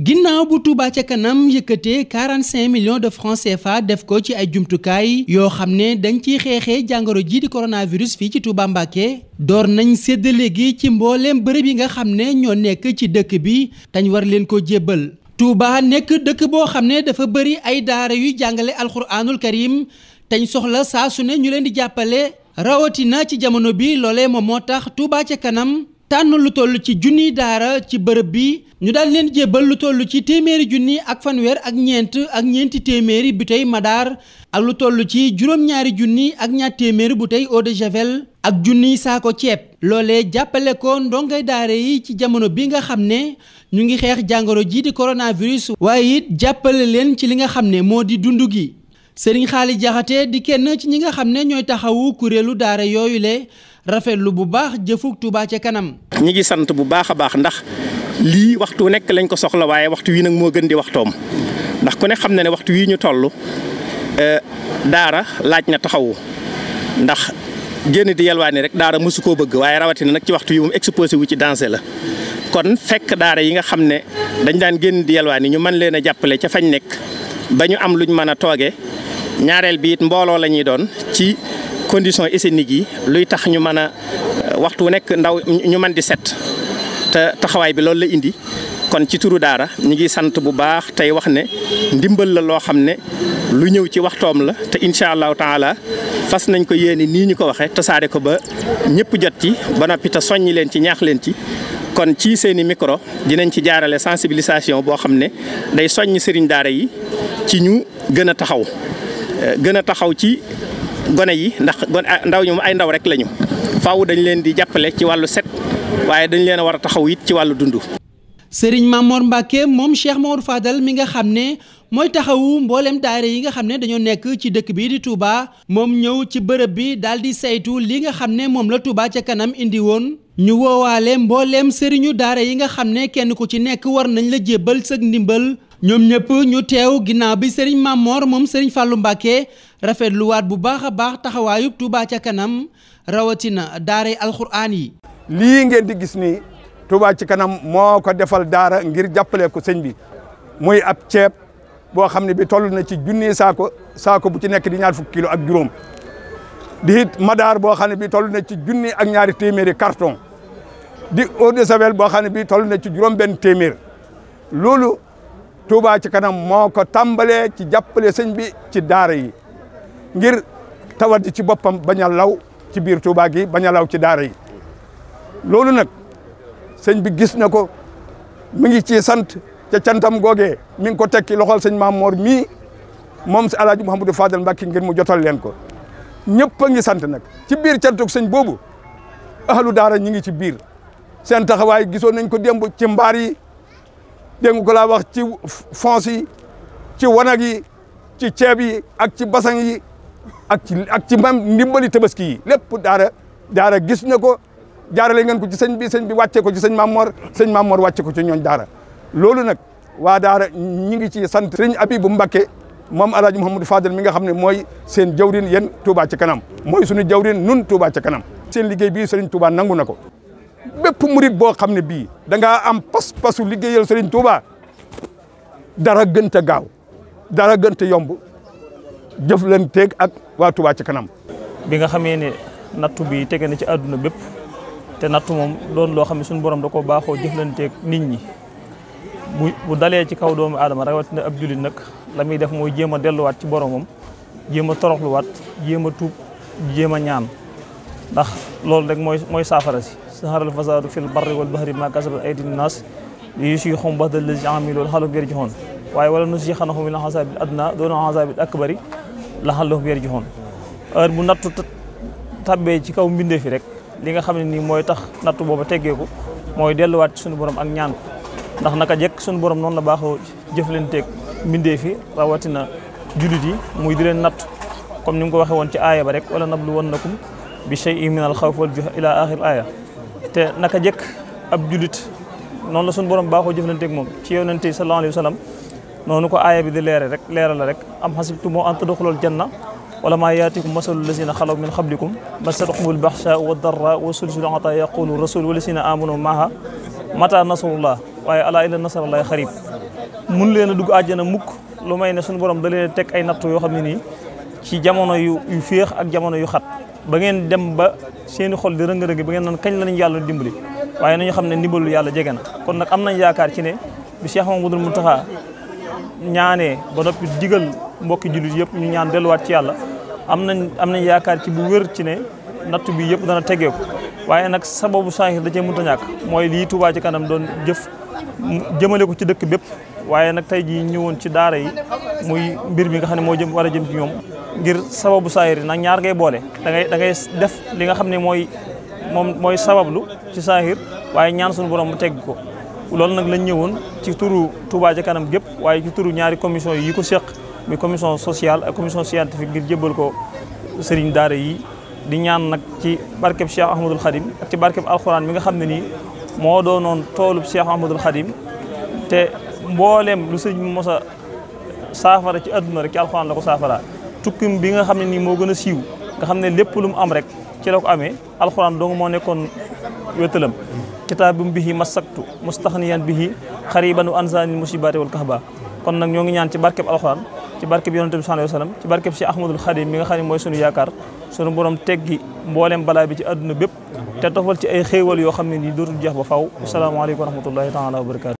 ginnaaw bu Touba ca kanam yëkkatee 45 millions de francs CFA def ko ci ay jumtukaay yoo xam ne dañ ciy xeexee jàngoro jii di virus fii ci Touba Mbacké door nañ séddale léegi ci mbooleem bërëb yi nga xam ne ñoo nekk ci dëkk bi tañ war leen ko jébbal Touba nekk dëkk boo xam ne dafa bëri ay daara yu jàngale alxuraanul karim teñ soxla saa su ne ñu leen di jàppale rawatina ci jamono bi loolee moom moo tax Touba ca kanam tànn lu toll ci junniy daara ci bërëb bi ñu daal leen jébbal lu toll ci téeméeri junni ak fanweer ak ñeent ak ñeenti téeméeri bu tey Madar ak lu toll ci juróom-ñaari junni ak ñaar téeméeri bouteille eau de javel ak junniy saako ceeb loolee jàppale ko ndongay daara yi ci jamono bi nga xam ne ñu ngi xeex jàngoro jii di coronavirus waaye it jàppale leen ci li nga xam ne moo di dund gi Serigne Xaali Jaxate di kenn ci ñi nga xam ne ñooy taxawu kuréelu daara yooyu le rafetlu bu baax jëfug Touba ci kanam. ñi gi sant bu baax a baax ndax lii waxtu nekk lañ ko soxla waaye waxtu wi nag moo gën di waxtoom ndax ku ne xam na ne waxtu wii ñu toll e, daara laaj na taxawu ndax génn di yalwaani rek daara mosu koo bëgg waaye rawatina nag ci waxtu yi moom exposé wu ci danger la. kon fekk daara yi nga xam ne dañ daan génn di yalwaani ñu man leen a jàppale ca fañ nekk ba ñu am luñ mën a tooge ñaareel biit mbooloo la ñuy doon ci. conditions hygiéniques yi luy tax ñu mën a euh, waxtu wu nekk ndaw ñu man di set te taxawaay bi loolu la indi kon ci turu daara ñu ngi sant bu baax tey wax ne ndimbal la loo xam ne lu ñëw ci waxtoom la te incha allahu taala fas nañ ko yéene nii ñu ko waxee tasaare ko ba ñëpp jot ci ba noppi te soññi leen ci ñaax leen ci. kon ci seeni micro dinañ ci jaarale sensibilisation boo xam ne day soññ sëriñ daara yi ci ñu gën a taxaw euh, gën taxaw ci. gone yi ndax gone ah, ndaw ñu ay ndaw rek lañu faaw dañ leen di jàppale ci wàllu set waaye dañ leen a war a taxaw it ci wàllu dund. sëriñ Mamor Mbacke moom Cheikh Mor Fadal mi nga xam ne mooy taxawu mboolem daayira yi nga xam ne dañoo nekk ci dëkk bii di Touba moom ñëw ci bërëb bi daal di saytu li nga xam ne moom la Touba ca kanam indi woon. ñu woowaale mbooleem sëriñu daara yi nga xam ne kenn ku ci nekk war nañ la jébbal sag ndimbal ñoom ñëpp ñu teew ginnaaw bi Serigne Mamor moom sëriñ Fallou Mbacké rafetlu waat bu baax a baax taxawaayub Touba ca kanam rawatina daaray alxuraan yi. lii ngeen di gis nii Touba ci kanam moo ko defal daara ngir jàppale ko sëñ bi muy ab ceeb boo xam ne bi toll na ci junni saako saako bu ci nekk di ñaar fukki kilo ak juróom di it madaar boo xam ne bi toll na ci junni ak ñaari téeméeri carton di eau de javel boo xam ne bi toll na ci juróom benn téeméer Touba ci kanam moo ko tàmbalee ci jàppale sëñ bi ci daara yi ngir tawat ji ci boppam bañ a law ci biir Touba gi bañ law ci daara yi loolu nag sëñ bi gis na ko mi ngi ci sant ca cantam googee mi ngi ko tekki loxol sëñ Maam Moor mii moom si alaaji Mouhamadou Fadel Mbacke ngir mu jotal leen ko ñëpp a ngi sant nag ci biir cantug sëñ boobu ahlu daara ñi ngi ci biir seen waaye gisoon nañ ko démb ci yi dégg nga ko laa wax ci fonds ci wanag yi ci ceeb yi ak ci basang yi ak ci ak ci mam ndimbali tabaski yi lépp daara daara gis na ko jaarale ngeen ko ci sëñ bi sëñ bi wàccee ko ci sëñ Mamor sëñ Mamor wàcce ko ci ñooñ daara loolu nag waa daara ñi ngi ci sant sëñ Abibu Mbakke moom El Hadj Mouhamadou Fadel mi nga xam ne mooy seen jawrin yéen Touba ci kanam mooy suñu jawrin nun Touba ci kanam seen liggéey bi sëriñ Touba nangu na ko bépp murit boo xam ne bii da am pas-pasu liggéeyal Serigne Touba dara gënt gaaw dara gënt a yomb jëflanteeg ak waatu Touba ci kanam. bi nga xamee ne nattu bi tege na ci àdduna bépp te nattu moom doon loo xam ne suñu borom da ko baaxoo jëflanteeg nit ñi bu bu dalee ci kaw doomu aadama rawatina ab jullit nag la muy def mooy jéem a delluwaat ci boromam jéem a toroxluwaat jéem a tuub jéem a ñaan ndax loolu rek mooy mooy saafara si. zahara al-fasadu fil barri wal bahri bima kasabat aydi nnas liyuziqahum ba'da allazi amilu la'allahum yarji'un waaye wala nuziqannahum min al-azabil adna duna azabil akbari la'allahum yarji'un heure bu nattu tabbee ci kaw mbindee fi rek li nga xam ne nii mooy tax nattu booba teggeeku mooy delluwaat ci suñu borom ak ñaan ndax naka jekk suñu borom noonu la baax jëflanteeg mbindee fi rawatina jullit yi muy di leen natt comme ni mu ko waxee woon ci aaya ba rek wala nablu wannakum bi shay'in min al te naka jëkk ab julit noonu la suñu borom baaxoo jëflanteeg moom ci yonente yi sallallahu alayhi wa sallam noonu ko aaya bi di leere rek leeral la rek am xasibtum an tadxulul janna wala maa yaatikum masalul lazina xalaw min xablikum massatkumul baxsa wa darra wa sulsulu ata yaqulu rasul walazina amanu maaha mata nasrullah waaye a ay nattu yoo xam ci jamono yu yu ak jamono yu xat ba ngeen dem ba seeni xol di rëng-rëng ba ngeen naan kañ lañu yàlla dimbali waaye nañu xam ne ndimbalu yàlla jege na kon nag am nañ yaakaar ci ne bi Cheikh Mamadou Mountakha ñaanee ba noppi digal mbokki jullit yëpp ñu ñaan delluwaat ci yàlla am nañ am nañ yaakaar ci bu wër ci ne natt bi yëpp dana tegeeku waaye nag sababu changé da cee mënta ñaak mooy lii Touba kanam doon jëf jëmale ko ci dëkk bépp waaye nag tey jii ñëwoon ci daara yi muy mbir mi nga xam ne moo jëm war jëm ci ñoom ngir sababu saahir nag ñaar ngay boole da ngay da ngay def li nga xam ne mooy moom mooy sabablu ci saahir waaye ñaan suñu borom mu teg ko loolu nag lañ ñëwoon ci turu Touba ca kanam gépp waaye ci turu ñaari commission yi ko seq muy commission sociale ak commission scientifique ngir jébbal ko sëriñ daara yi di ñaan nag ci barkeb Cheikh Ahmadul Khadim ci barkeb alxuraan mi nga xam ne nii moo doonoon toolub Cheikh Ahmadul Khadim te mbooleem lu sëriñ bi mos saafara ci adduna rek ci alxuraan la ko saafara tukkim bi nga xam ne nii moo gën a siiw nga xam ne lépp lu mu am rek ci la ko amee alxuraan dong moo nekkoon wétalam kitaabum bihi masaktu bi bihi xaribanu ansaani musibaati wal kahba kon nag ñoo ngi ñaan ci barkeb alxuraan ci barkeb yonente bi sallallahu alayhi wasallam nga xam ne mooy sunu yaakaar sunu borom teggi mbooleem balaa bi ci àdduna bépp te tofal ci ay xéewal yoo xam ne nii dootu jeex ba faw asalaamaaleykum wa rahmatullahi taala wa barakatu